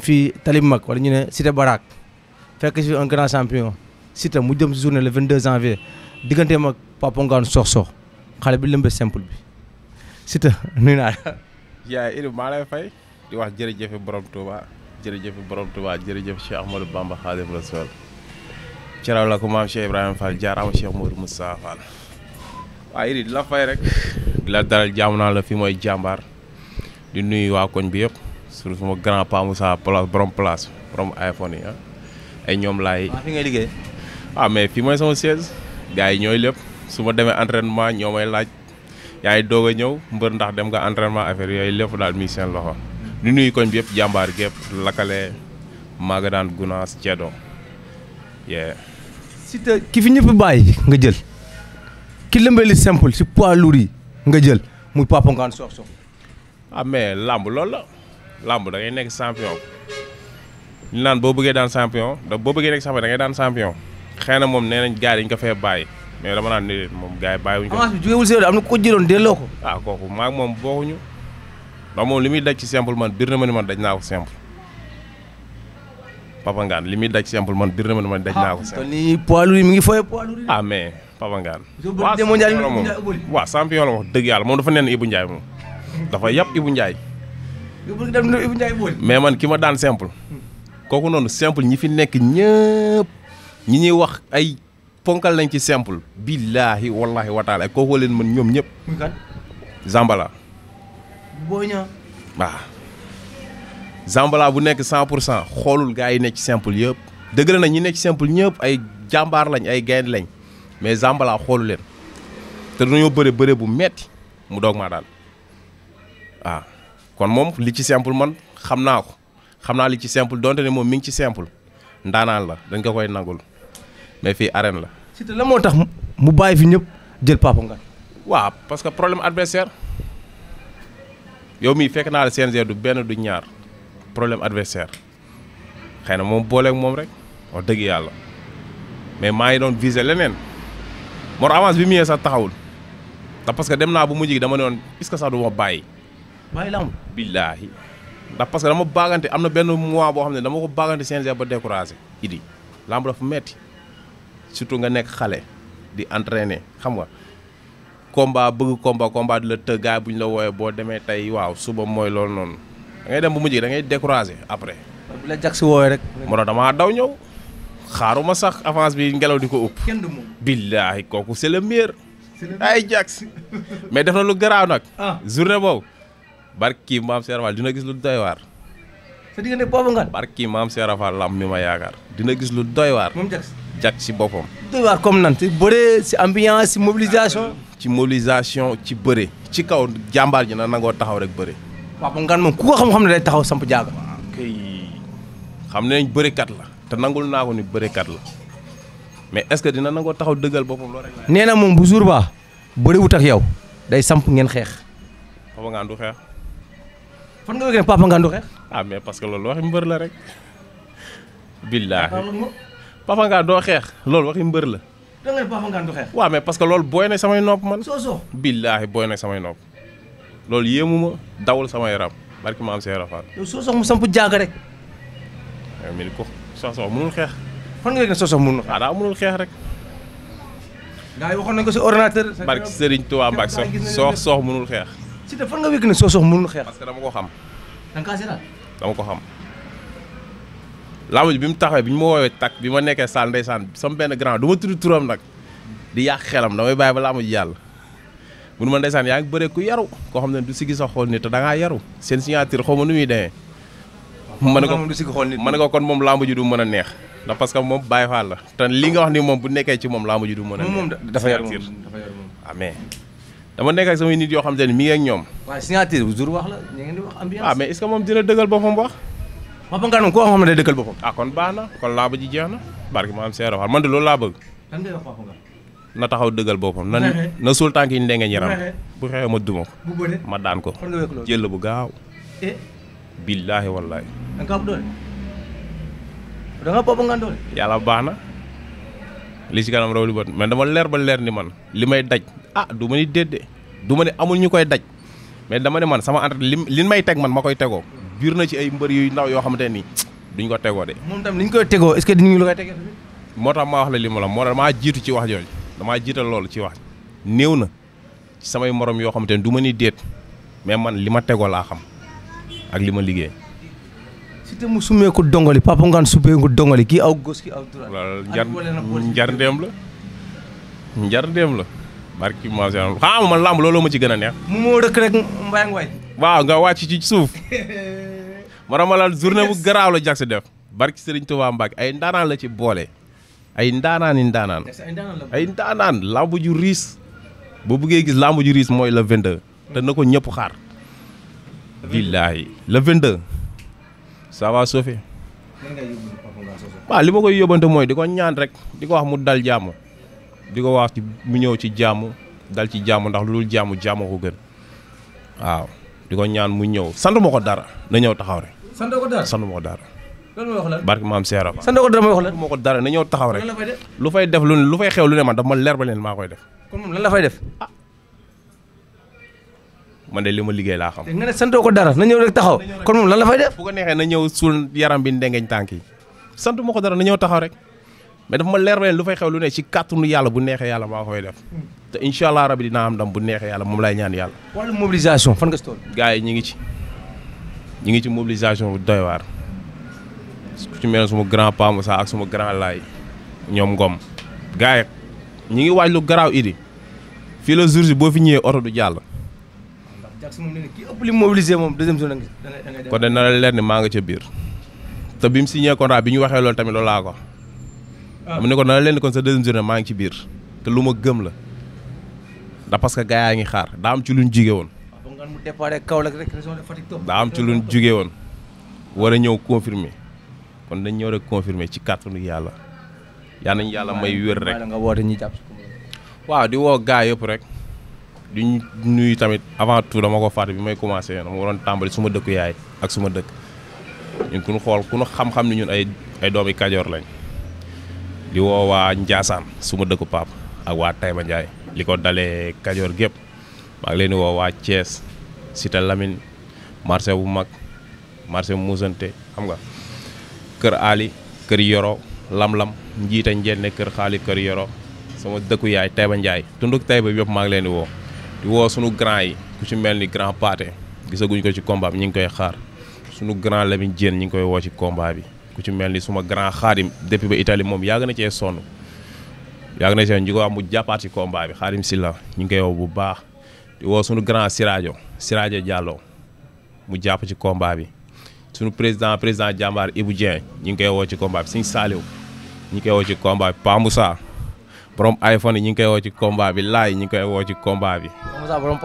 fii Talib Mag wala ñu ne Cité Barak fekk si un grand champion Cité mu jëm si journée le 22 janvier digganteem ak Papa Ngane sox sox xale bi lëmbe simple bi Cité nuyu naa la. yaa ngi maa lay fay di wax jërëjëf borom Touba jërëjëf borom Touba jërëjëf Cheikh Ahmadou Bamba Khadim Rasoul caraw la ko maam Cheikh Ibrahima Fall jaaraama Cheikh Modou Moustapha Fall waaye it di la fay rek di la dalal jaamu naa la fi mooy jàmbaar di nuyu waa koñ bi yëpp. sur sama grand Pa Moussa place borom place borom iPhone yi ah ay ñoom laay. fi ngay liggéey. ah mais fii mooy sama siège gars yi ñooy lépp su ma demee entraînement ñoo may laaj yaay doog a ñëw mbër ndax dem nga entraînement affaire yooyu lépp daal mi seen loxo. di nuyu koñ bi yëpp jàmbaar gépp lakale daan Gunaas Ceedo. Siteu ki fi ñëpp bàyyi nga jël ki lëmbali simple si poids lourd yi nga jël muy Pape Ngane Sokh ah, mais làmb lool la. làmb da ngay nekk champion ñu naan boo bëggee daan champion da boo bëggee nekk champion daan champion xëy na moom nee nañ gars yi dañ ko fee bàyyi mais dama naan déedéet moom gars yi bàyyiwuñ ko. avance bi jógewul si am na ko jëloon delloo ko. ah kooku maag moom bokkuñu ndax moom li muy daj ci simple man biir na ma ni man daj naa ko simple li muy daj simple man biir na ma ni man daj naa ko. Ah, simple kon mi ngi fooyee poids lourd ah mais Papa Ngane. waaw la moom waaw champion la dëgg yàlla moom dafa nen Ibou Ndiaye moom dafa yàpp Ibou Ndiaye mais man ki ma daan simple. kooku noonu simple ñi fi nekk ñëpp ñi ñuy wax ay ponkal lañ ci simple. billaahi wallaahi wataala kooku leen mën ñoom ñëpp. Zambala. Boña. bu nekk 100 pour cent xoolul gars yi nekk ci simple yëpp. dëgg la nag ñi nekk ci simple ñëpp ay jàmbaar lañ ay gaynde lañ mais Zambala xoolu leen te dañoo bëre bëre bu metti mu doog maa daal waaw. kon moom li ci simple man xam naa ko xam naa li ci simple donte ne moom mi ngi ci simple ndaanaan la dañ ko koy nagul mais fii arène la. Siteu moo tax mu bàyyi fi ñëpp jël Papa Ngagne. waaw parce que problème adversaire yow mii fekk naa la CNG du benn du ñaar problème adversaire xëy na moom booleeg moom rek wax dëgg yàlla mais maa ngi doon viser leneen mor avance bi mu sax taxawul te parce que dem naa bu mu gi dama ne woon est-ce que sax du ma bàyyi. bàyyi lamb billaahi ndax parce que dama baagante am na benn mois boo xam ne dama ko baagante CNG ba découragé idi lamb dafa metti surtout nga nekk xale di entraîner xam nga komba bëgg combat combat di la të gaay bu ñu la wooyee boo demee tey waaw suba mooy loolu noonu da dem bu mujj da ngay découragé après. la jag si wooyee rek. moo dama daw ñëw xaaruma sax avance bi ngelaw di ko ëpp. billaahi kooku c'est le meilleur. ay jag mais def na lu garaaw nag. Ah. journée boobu. barki maam Cheikh Fall dina gis lu doy waar. sa diggante boobu nga. barki maam mi ma yaakaar dina gis lu doy waar. moom jag jag si boppam. doy waar comme nan si bëree si ambiance si mobilisation. ci mobilisation ci bëre. ci kaw jàmbaar ji na nangoo taxaw rek bëre. waaw ngan moom ku ko xam-xam ne day taxaw samp jaaga. waaw kay xam nañ bërekat la. te nangul naa ko ni bërekat la mais est-ce que dina nangoo taxaw dëggal boppam loolu rek. nee na moom bu jour ba bëriwut ak yow day samp ngeen xeex. xeex. fan nga yëgee Papa Ngandou xeex. ah mais parce que loolu waxi mbër la rek. billaahi Papa Ngandou xeex loolu la. da ngay parce que loolu booy na samay nopp man. soosoo billaahi booy na samay nopp. loolu yéemu ma dawul sama yaram barki ma am see rafet. yow soosoo mu samp jaaga rek. yow eh, mii munul xeex. fan nga yëgee soosoo munul xeex. Ah, munul xeex rek. gars yi waxoon nañ ko si ordinateur. barki Serigne Touba Mbacke soox soox munul xeex. Siteu fan nga wékk ne soo Sokh mënul xeex. parce que dama ko xam. da nga dama ko xam. làmb bi mu taxawee bi ñu ma woowee takk bi ma nekkee Sall ndeysaan sama benn grand du ma tudd turam nag di yàq xelam damay bàyyi ba làmb ji yàlla. mun ma ndeysaan yaa ngi bëree ku yaru koo xam ne du siggi sa xool nit te da ngaa yaru seen signature xaw ma nu muy demee. mën na ko ma na ko kon moom làmb ji du mën a neex. ndax parce que moom Baye Fall la te li nga wax ni moom bu nekkee ci moom làmb ji du mën a neex. dafa yaru moom dafa yaru moom ah, dama nekk ak samay nit yoo xam te ne mi ngi ak ñoom. waaw bu jour wax la ñu ngi wax ambiance. ah mais est ce que moom dina dëggal boppam wax. Papa Ngane ko xam ne kon baax kon laa ba ji jeex na barki ma am seero man laa bëgg. na taxaw dëggal boppam. na na suul tànk yi ndenge ñaram. ma duma ko. bu ma daan bu gaaw. Eh? billaahi wallaahi. da da nga Papa yàlla baax na. li ci kanam raw li bët dama leer ba leer ni man li may daj ah du ma ni déedéet du ma ne amul ñu koy daj mais dama ne man sama entraîne li li may teg man ma koy tegoo biir na ci ay mbër yu ndaw yoo xamante nii duñ ko tegoo de. moom tam koy tegoo est-ce que dinañu la koy tegee moo tax maa wax la li ma la moo tax maa jiitu ci wax jooju damaa jiital loolu ci wax néew na samay moroom yoo xamante ne du ma ni déet mais man li ma tegoo laa xam ak li ma liggéey. si te mu sumeeku dongali papa ngaan kii aw gos ki aw. ak wala njar njarndeem la njarndeem la. barki ma xam nga man ma ci gën neex. mu moo dëkk rek Mbaye Ngoy. waaw nga wàcc ci suuf. ma ramalal journée bu garaaw la Jax def. barki Serigne Touba Mbacke ay ndaanaan la ci boole. ay ndaanaan i ndaanaan. ay ndaanaan làmb ju riis. boo buggee gis làmb ju riis mooy le 22. te na ko ñëpp xaar. billaahi le 22. ça va Sophie. li ma koy yóbbante mooy di ko ñaan rek di ko wax mu dal jàmm. di ko wax ci mu ñëw ci jàmm dal ci jàmm ndax lu dul jàmm jàmmoo ko gën waaw di ko ñaan mu ñëw sant ma ko dara na ñëw taxaw rek. sant ko dara sant ma ko dara. loolu mooy wax lan ko dara na ñëw taxaw rek. lu fay def lu lu fay xew lu ne man daf ma leer ba leen maa koy def. kon moom lan la fay def. Ah. man de li ma liggéey laa xam. nga ne santoo ko dara na ñëw rek taxaw kon moom fay def. bu ko neexee na ñëw suul yaram bi ndengeñ tànk yi sant ma ko dara na ñëw taxaw rek. mais dafa ma leer ne lu fay xew lu ne ci kàttanu yàlla bu neexee yàlla waa koy def te incha allah rabi dinaa am ndam bu neexee yàlla moom lay ñaan yàlla. wàllu mobilisation fan nga si toll. ñu ngi ci ñu ngi ci mobilisation bu doy waar ku ci mel suma grand Pa Moussa ak suma grand laay ñoom Ngom. gars yi ñu ngi waaj lu garaaw idi fii la jour bi boo fi ñëwee oto du jàll. ndax moom nee kii ëpp li moom deuxième zone kon de na la leer ni maa nga ca biir te bi mu signé contrat bi ñu waxee loolu tamit loolu laa ko. Ah. mu ne ko na leen kon sa deuxième journée maa ngi ci biir te lu ma gëm la da parce que gars yaa ngi xaar daa am ci luñ jugee woon. Ah, daa am ci luñ jugee woon war a ñëw confirmer kon dañ ñëw rek confirmer ci kàttanu yàlla yaa nañ yàlla may wér rek. waaw di woo gars yëpp rek. di nuyu tamit avant tout dama ko fàtte bi may commencé dama waroon tàmbali suma dëkku yaay ak suma dëkk ñun ku xool ku ñu xam-xam ni ñun ay ay doomi Kajoor lañ. di woo waa Ndiassane su ma dëkku Pape ak waa Taïba Ndiaye li ko dalee Kajoor gépp maa ngi leen di woo waa cees sita Lamine marché bu mag marché muusante xam nga kër Ali kër Yoro Lam-Lam njiite njenne kër xaali kër Yoro sama dëkku yaay Taïba Ndiaye tunduk Taïba bi yëpp maa ngi leen di woo di woo sunu grand yi ku ci mel ni grand Pathé gisaguñ ko ci combat bi ñu ngi koy xaar sunu grand Lamine Diène ñu ngi koy woo ci combat bi ku ci mel ni suma grand xaadim depuis ba Italie moom yàgg na cee sonn yàgg na cee ñu ko wax mu jàppaat ci combat bi xaadim Silla ñu ngi koy woo bu baax di woo suñu grand siraajo Sirajo Diallo mu jàpp ci combat bi suñu président président jàmbaar Ibou Dieng ñu ngi koy woo ci combat bi Sëñ Saaliw ñu koy woo ci combat bi Pa iPhone ñu ngi koy woo ci combat bi laay ñu koy woo ci combat bi. Moussa borom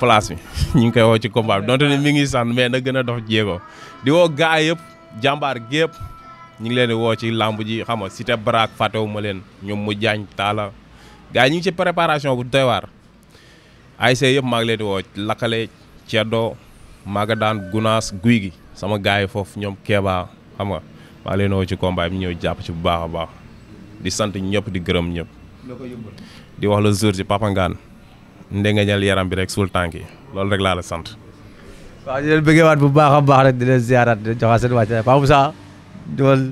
bi ñu ngi koy woo ci combat bi donte ne mi mais na gën a dox jéego di woo gaay yëpp. jàmbaar gépp ñu ngi leen di woo ci làmb ji xam nga Cité Baraak fàttewu ma leen ñoom mu jaañ taala gars yi ñu ngi ci préparation bu doy waar ASC yëpp maa ngi leen di woo lakkale Ceddo Magadaan Gunaas Guy gi sama gars yi foofu ñoom keebaa xam nga leen woo ci combat bi ñëw jàpp ci bu baax a baax di sant ñëpp di gërëm ñëpp. di wax la jour ci Papa nga ndengeñal yaram bi rek suul tànk loolu rek laa la sant. waaw di leen bu baax a baax rek di leen ziaraat di leen joxaat seen wàcc Paa Moussa diwal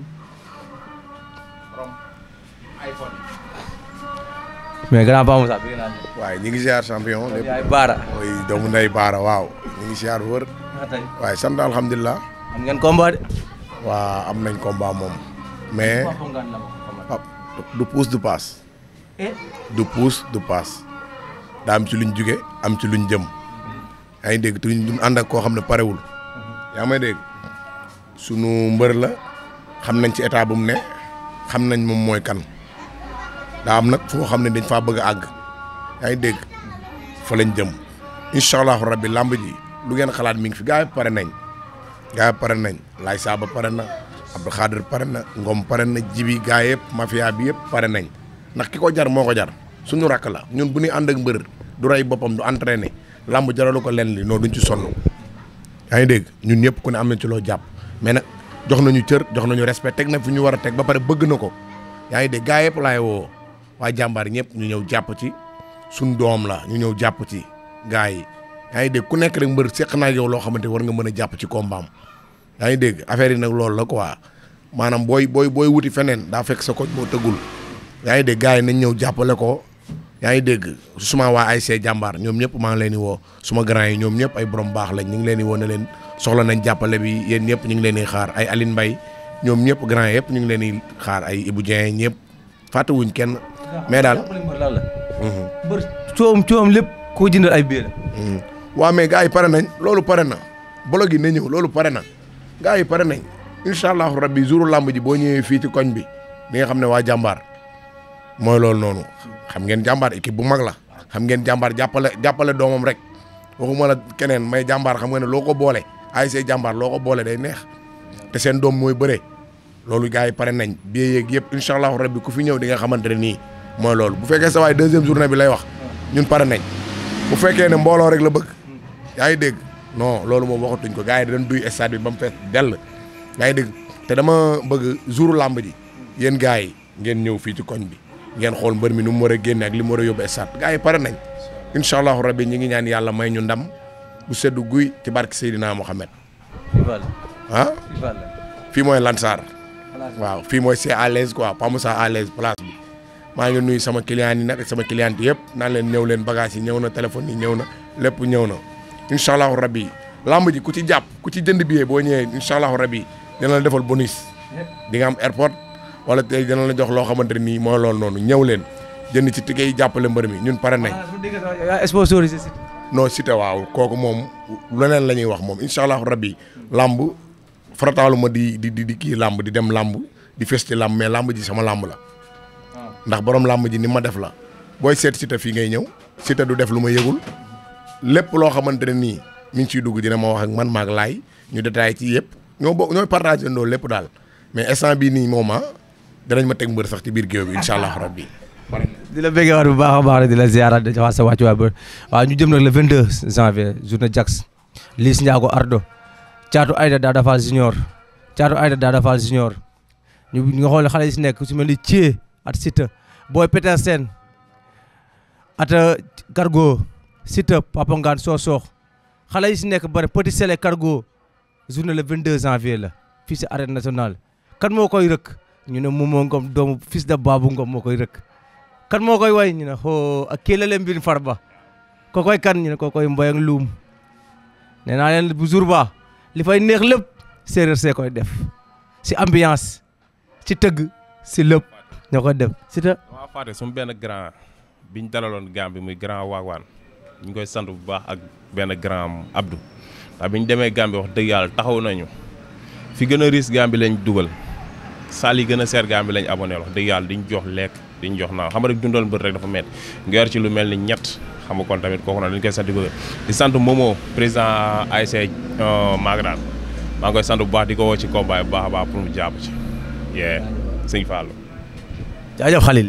mais grand waaye ñu ngi ziar champion lépp Baara mooy doomu nday Baara waaw ñu ngi ziar wër ah, waaye sant alhamdulilah am ngeen combat de waaw am nañ combat moom mais du pousse du passe eh? du pousse du passe daa am ci luñ jóge am ci luñ jëm yaa ngi dégg te duñ ànd ak koo xam ne parewul yaa may dégg sunu mbër la xam nañ ci état bu mu ne xam nañ moom mooy kan daa am nag foo xam ne dañ faa bëgg a àgg yaa ngi dégg fa lañ jëm incha allahu rabbi làmb ji lu ngeen xalaat mi ngi fi gars yi pare nañ gars yi pare nañ laay saaba pare na Abdou Khadir pare na Ngom pare na jibi gars yëpp mafia bi yëpp pare nañ ndax ki ko jar moo ko jar suñu rakk la ñun bu ñuy ànd ak mbër du rey boppam du entraîné làmb jaralu ko lenn li non duñ ci sonn yaa ngi dégg ñun ñëpp ku ne am na ci loo jàpp mais nag jox nañu cër jox nañu respect teg na ñu war a teg ba pare bëgg na ko yaa ngi dégg gaa yëpp laay woo waa jàmbaar ñëpp ñu ñëw jàpp ci suñ doom la ñu ñëw jàpp ci gaa yi yaa ngi dégg ku nekk rek mbër seq naa yow loo xamante war nga mën a jàpp ci kombaam yaa ngi dégg affaire yi nag loolu la ko waa maanaam booy booy booy wuti feneen daa fekk sa ko boo tëggul yaa ngi dégg gaa yi nañ ñëw jàppale ko yaa ngi dégg suma waa ay ASC jàmbaar ñoom ñëpp maa leen di woo suma grand yi ñoom ñëpp ay borom baax lañ ñu ngi leen di woo ne leen soxla nañ jàppale bi yéen ñëpp ñu ngi leen di xaar ay Aline Mbaye ñoom ñëpp grand yëpp ñu ngi leen di xaar ay Ibou Dieng ñëpp fàttewuñ kenn. mais daal mhm. bër coom coom lépp koo jëndal ay biir. Mhm. waa mais gars yi pare nañ loolu pare na blog yi na ñëw loolu pare na gars yi pare nañ incha allahu rabbi jouru làmb ji boo ñëwee fii ci koñ bi li nga xam ne waa jàmbaar mooy loolu noonu. xam ngeen jàmbaar équipe bu mag la xam ngeen jàmbaar jàppale jàppale doomam rek waxuma la keneen may jàmbaar xam nga ne loo ko boole ASC jàmbar loo ko boole day neex te seen doom mooy bëre loolu gaa yi pare nañ bi yeeg yëpp incha allahu rabbi ku fi ñëw di nga xamante ne nii mooy loolu bu fekkee sa waay deuxième journée bi lay wax ñun pare nañ bu fekkee ne mbooloo rek la bëgg yaa ngi dégg no loolu moom waxatuñ ko gars yi dañ duy stade bi ba mu fees dell yaa ngi dégg te dama bëgg jouru làmb ji yéen gars yi ngeen ñëw fii ci koñ bi ngeen xool mbër mi nu mu war a génne ak li mu war a yóbbu stade gars yi pare nañ incha allahu rabbi ñi ngi ñaan yàlla may ñu ndam bu seddu guy ci barke Seydina Mohamed. ah fii mooy Lansar. waaw fii mooy c'est à l'aise quoi pas Moussa à l'aise place bi. maa ngi nuy sama client yi nag sama client yëpp naa leen ñëw leen bagage yi ñëw na téléphone yi ñëw na lépp ñëw na incha allahu rabbi lamb ji ku ci jàpp ku ci jënd billet boo ñëwee incha allah rabbi dina la defal wala tey dana la jox loo xamante ne nii mooy loolu noonu ñëw leen jënd ci ticket yi jàppale mbër mi ñun pare nañ. Ah, non Siteu waaw kooku moom leneen la ñuy wax moom incha allah rabbi làmb farataalu ma di di di kii làmb di dem làmb di festi làmb mais làmb ji sama làmb la. Ah. ndax borom làmb ji ni ma def la booy seet Siteu fii ngay ñëw Siteu du def lu ma yëgul lépp loo xamante ne nii mi ngi ciy dugg dina ma wax ak man maag laay ñu détaillé ci yëpp ñoo bokk ñooy partagé ndoo lépp daal danañ ma teg mbër sax ci biir géew bi incha allah rabbi di la bëggee waat bu baax a baax rek di la ziaraat di la sa wàcc waa ba waaw ñu jëm nag le 22 janvier journée Jax Liss Ndiago Ardo Thiatou Aïda Dada Fall Junior Thiatou Aïda Dada Fall Junior ñu nga xool xale yi si nekk su mel ni Thié at Siteu Boy Petersen at euh, Cargo Siteu Papa Ngane Sossokh xale yi si nekk bari Petit Sélé Cargo journée le 22 janvier la fii si arène nationale kan moo koy rëkk. ñu ne Momo Ngom doomu fils de Babou Ngom moo koy rëkk kan moo koy way ñu ne xoo ak kii la far ba Farba ko koy kan ñu ne ko koy Mboy ak Luum nee naa leen bu jour ba li fay neex lépp séeréer see koy def si ambiance ci tëgg si lépp ñoo koy def si ta waaw Fatou sum benn grand biñ dalaloon Gambie muy grand waawaan ñu koy sant bu baax ak benn grand Abdou ndax biñ demee Gambie wax dëgg yàlla taxaw nañu fi gën a riis Gambie lañ dugal salle yi gën a seer Gambie lañ abonné wax dëgg yàlla diñ jox lekk diñ jox naaw xam nga rek dundal mbër rek dafa métti nga yor ci lu mel ni ñett xam nga kon tamit kooku nag dañ koy sant bëgg di sant Momo président ASC euh, Magadane maa ngi koy sant bu baax di ko woo ci combat bu baax a baax pour mu jàpp ci yee sëñ Fallou jaajëf Khalil